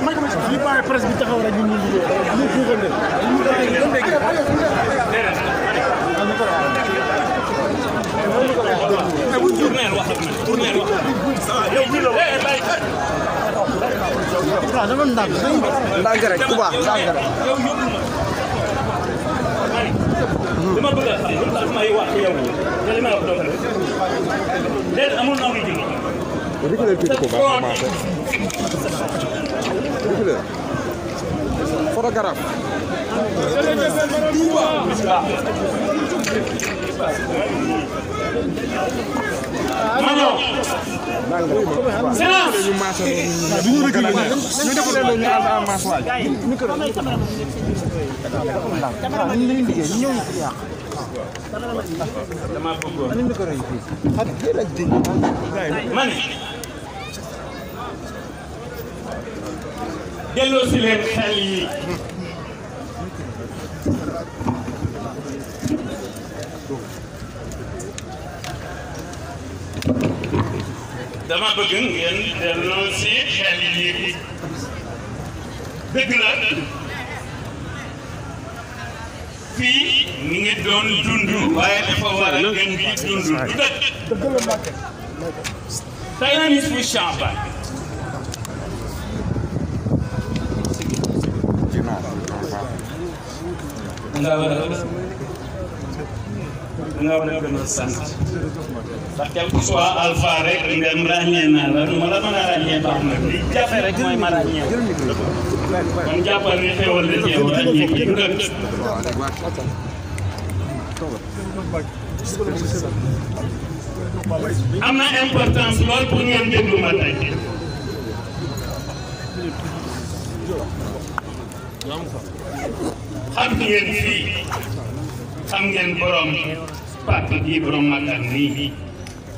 ñu bàyyi presse bi taxaw rek ñu ñu ndànk rek Touba ndànk rek li ma bëgg a xam lu tax may wax ci yow te li may wax doo léegi amul na amuñu jël couleur photographe Touba ma delloo si leen xel yi dama bëgg ngeen delloo si xel yi dëgg la fii ñu ngi doon dund waaye dafa war a gën bi dund du dëgg tey bis bu champagne nga war a nga war a gën a sant ndax quel que soit alpha rek ndem ràññee naa la nu ma la mën a ràññee baax na li jafe rek mooy ma ràññee kon jàppal ni xéwal la ci yow ràññee ko ñu gën am na importance lool pour ngeen déglu ma tey xam ngeen fii xam ngeen borom pàcc bii borom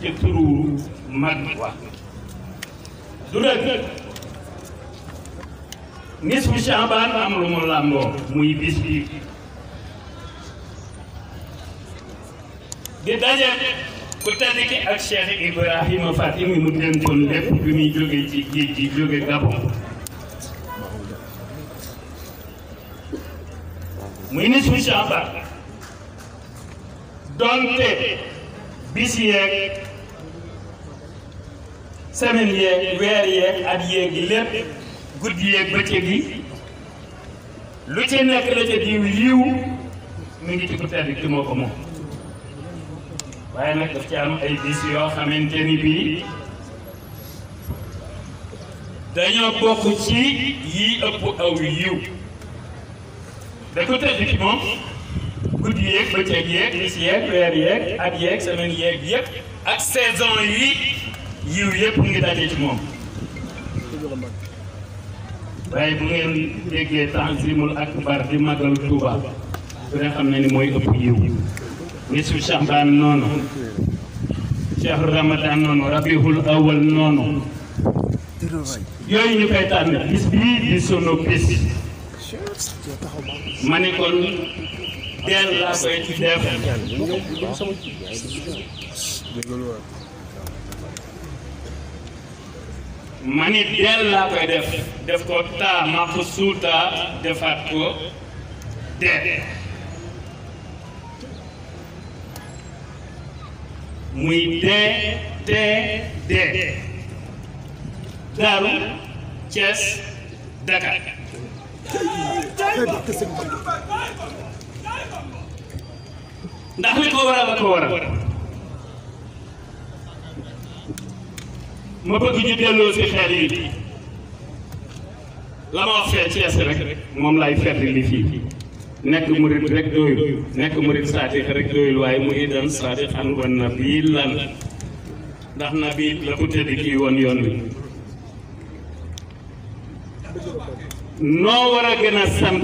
ci turu mag wa du rek nis bu am lu mu làmboo muy bis bi di daje ku tedd ki ak Cheikh Ibrahima Fatimi mu dénkoon lépp bi muy jóge ci géej gi Gabon muy ni suñu Cheikh Anta donte bis yeeg semaine yeeg weer yeeg at yeeg lépp guddi yeeg bëccëg yi lu ci nekk la ca yiw mi ngi ci tedd ki moo ko moom waaye nag daf ci ay bis yoo xamante ni bii dañoo bokk yi ëpp aw yiw da ko tënk moom guddi yeeg bëccëg yeeg bis yeeg weer yeeg at yeeg semaine yeeg yëpp ak saison yi yiw yëpp mu ngi daje ci moom. waaye bu ngeen déggee tanzimul akbar di magal Touba ku xam na ni mooy ëpp yiw nisu Shahban noonu shahru Ramadan noonu rabiul awal noonu yooyu ñu koy tànn bis bii di sunu bis ma ne laa koy def ma ni def def ko suutaa defaat ko dee muy dee dee dee daaru Thiès Dakar ndax li ko waral la ko waral ma bëgg ñu delloo si xel yi la ma wax Cees rek moom lay ferri li fii nekk murid rek doyul nekk murid saadix rek doyul waaye mu idan saadix an wan nabilan la ku tëdd kii woon yoon wi noo war a gën a sant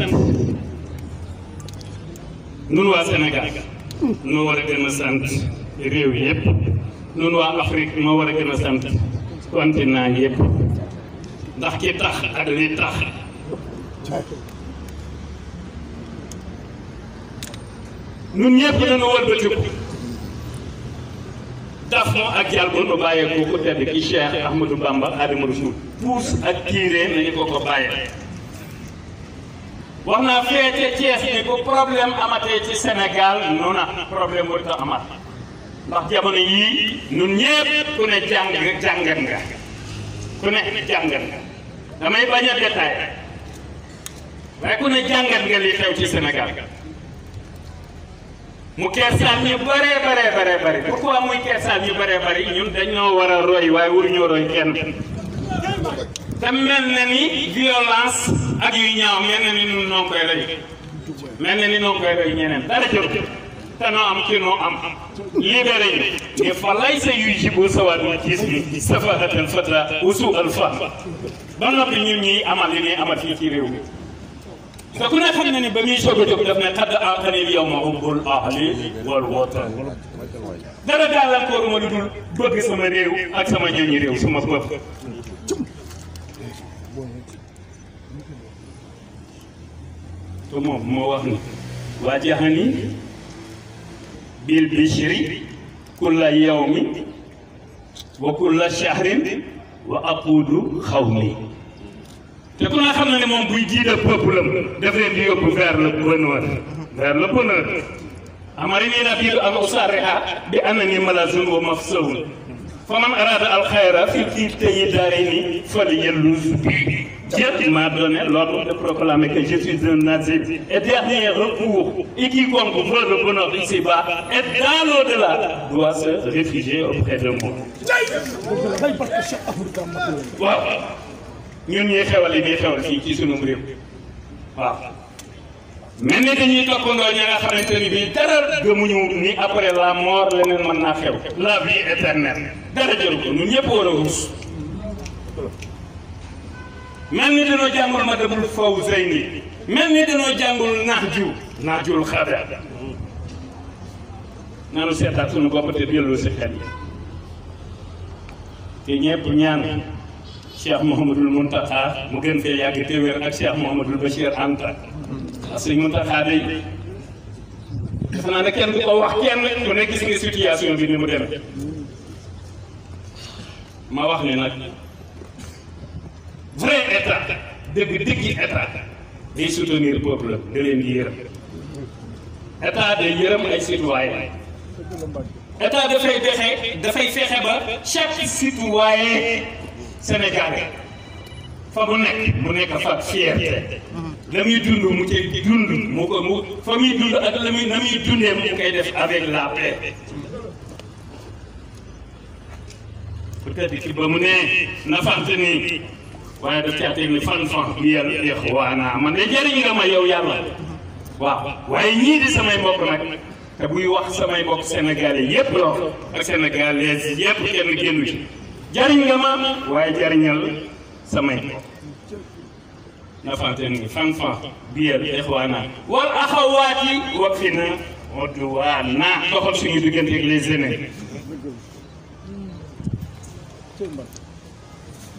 nun waa Sénégal noo war a gën a sant réew yëpp nun waa Afrique noo war a gën a sant continent yëpp ndax ki tax ak li tax nun ñëpp dañu wëlbatiku daf mu ak yàlla bu nu bàyyee ko ku tedd ki Cheikh Ahmadou Bamba Adama Rasoul puus ak tiiree nañu ko ko bàyyee wax naa fee te Thiès ni bu problème amatee ci Sénégal nu na problème warut a amat ndax jamono yii ñun ñëpp ku ne jàng jàngat nga ku ne jàngat nga damay bañ a détail waaye ku ne jàngat nga li xew ci senegal mu kersaan ñu bëree bëree bëree bëri pourquoi muy kersaan ñu bëree bëri ñun dañoo war a roy waaye waruñoo roy kenn. te mel na ni violence ak yu ñaaw mel na ni ñun noo koy rey mel na ni noo koy rey ñeneen dara jot te noo am ki noo am libéré yi mais fa lay sa yuy jibo sawaat ma gis bi safahatal fata al fa ba noppi ñun ñuy amal li ñuy amal fii ci réew mi te ku ne xam na ni ba muy soog a jóg daf ne xadd aqanil yow ma umbul ahli wal watan dara gàllankooruma lu dul bëgg sama réew ak sama ñooñu réew suma bopp te moom moo wax bil bishri kulla yawmi wa kulla shahrin wa aqudu xawmi te ku naa na ne moom buy jiida peuple am daf leen di yóbbu vers le bonheur vers le bonheur amarini nabiru an usariha bi annani malazun wa mafsawun fa fi kii darini fal yellus Dieu m'a donné l'ordre de proclamer que je suis un nazi et dernier recours, et quiconque veut le bonheur ici-bas et dans l'au-delà doit se réfugier auprès de moi. waaw ñun ñuy xewal li ñuy xewal fii ci su réew waaw mel ni dañuy toppandoo ña nga xamante ni bii dara gëmuñu ni après la mort leneen mën naa xew la vie éternelle dara jëru ko ñun ñëpp war a ruus mel ni dañoo jàngul Matlabul Fawzayni mel ni dañoo jàngul Nahju Nahjul Xadar nanu seetaat suñu bopp te delloo si xel yi te ñëpp ñaan Cheikh Mouhamadul Mountakha mu gën fee yàgg te wér ak Cheikh Mouhamadul Bachir Anta ak sëñ Mountakha day def naa ne kenn du ko wax kenn ku ne gis nga situation bi ni mu demee ma wax ni nag. vrai état dëgg dëggi état day soutenir peuple da leen di yërëm état day yërëm ay citoyen état dafay fexe dafay fexe ba chaque citoyen sénégalais fa bu nekk mu nekk fa fierté la muy dund mu cay dund mu ko mu fa muy dund ak la muy na muy dundee mu koy def avec la paix peut-être ki ba mu ne nafante nii waaye daf caa teg ni fanfan liyal ixwaana man de jëriñ nga ma yow yàlla waaw waaye ñii di samay mbokk nag te buy wax samay mbokk sénégalais yépp la wax ak sénégalais yépp kenn génnu ci nga ma waaye jëriñal samay mbokk nafanten ngi fanfan liyal ixwaana wal axawaati wa fi na odduwaana doxal suñu digganteeg les aînés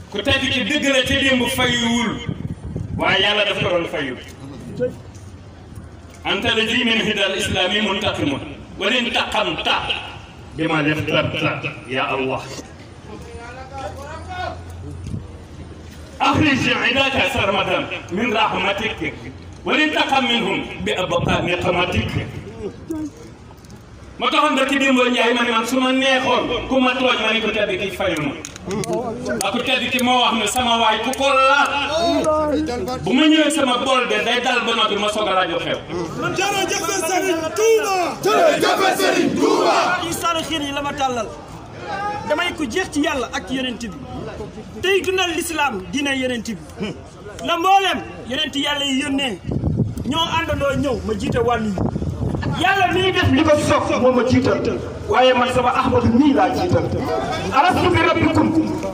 ku tedd ki dëgg la ca démb fayuwul waaye yàlla daf ko doon fayu anta la ji min hidal islami muntaqimun walin taqamta bima leftarta ya allah أخرج عبادك سرمدا من رحمتك ولتقم منهم بأبطان نقمتك ما تخون بكي ديمبو نياي ماني مان سوما نيخون كوما توج ماني كو تابي كي فايو ba ku tedd ki moo wax ne sama waay ku ko laal bu ma ñëwee sama bool de day dal ba noppi ma soog a rajo xew. jërëjëf Serigne Touba. jërëjëf Serigne Touba. isaani xiir yi la ma tàllal damay ko jeex ci yàlla ak yonent bi tey dundal lislaam dina yonent bi la mboolem yonent yàlla yi yónnee ñoo àndandoo ñëw ma jiite wàllu yi. yàlla nii def li ko soog moo ma jiital waaye man sama ahmadu nii laa jiital alastu bi rabbikum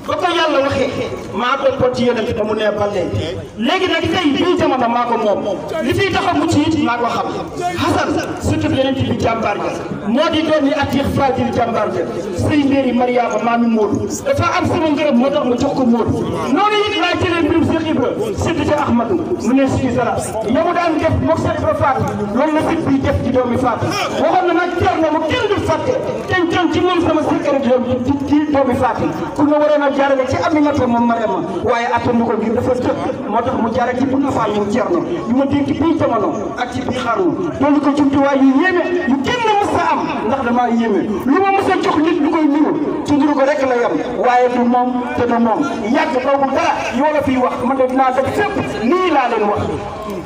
ba ko yàlla waxee maa ko poti yonent ba mu ne ballee léegi a tey bii jamono maa ko moom li fiy tax a mucc it maa ko xam Xasan surtout yonent bi jàmbaar ja moo di doon ni Atiix Fadil jàmbaar ja sëy mbéeri Mariama maami Móodu dafa am sama ngërëm moo tax ma jox ko Móodu noonu it laa jëlee mbirum Cheikh Ibra surtout ca Ahmadou mu ne suñu sara yamu daan def mook Cheikh Ibra la sit bi def ci doomi Fatou waxoon na nag teer na mu kenn du fàtte teñ ci moom sama sikkara doom ci doomi Fatou a jaarale ci Aminata moom Mariama waaye attandu ko ngir dafa tëb moo tax mu jaarale ci Bouna Fall mu Thierno ñu ma dénk bii jamono ak ci bii xarnu dolli ko jumtuwaay yu yéeme yu kenn mës a am ndax damaa yéeme lu ma mës a jox nit lu koy nuru ci nuru ko rek la yem waaye du moom te du moom yàgg boobu dara yoo la fiy wax ma de dinaa def fépp nii laa leen wax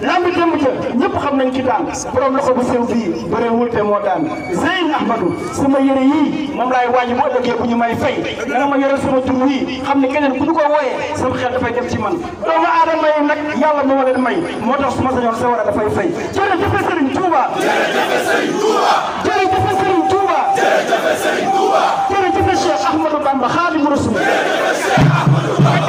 lamb démb ca ñëpp xam nañ ci daan borom loxo bu sew bii wul te moo daan Zeyn Ahmadou suma yére yii moom laay wàññi bu ëllëgee bu ñu may fay na ma yore sama tur wii xam ne keneen ku ñu ko wooyee sama xel dafay def ci man doomu aadama yi nag yàlla moo leen may moo tax ma sañoon sa war a dafay fay jërëjëf Serigne Touba jërëjëf Serigne Touba jërëjëf Serigne Touba jërëjëf Serigne Touba jërëjëf Cheikh Ahmadou Bamba Khadimu Rasul jërëjëf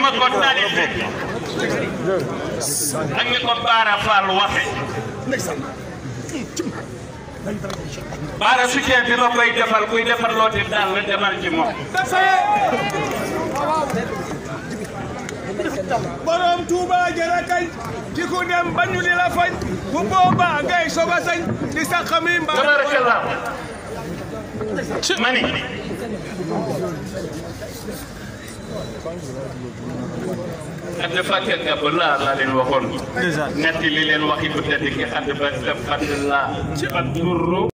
ma ko talibe ak ni ko Baara Fall waxe Baara soutien bi ma koy defal kuy defar loo di daal la demal ci moom. borom Touba jërë kañ ci ku dem bañu li la fañ bu boobaa ngay soog a sañ di sax mi mbaa. tabarakallah mani xadd fàtteel nga ba laa laa leen waxoon. netti li leen waxi bu tedd ki xadd ba def xadd laa. ci at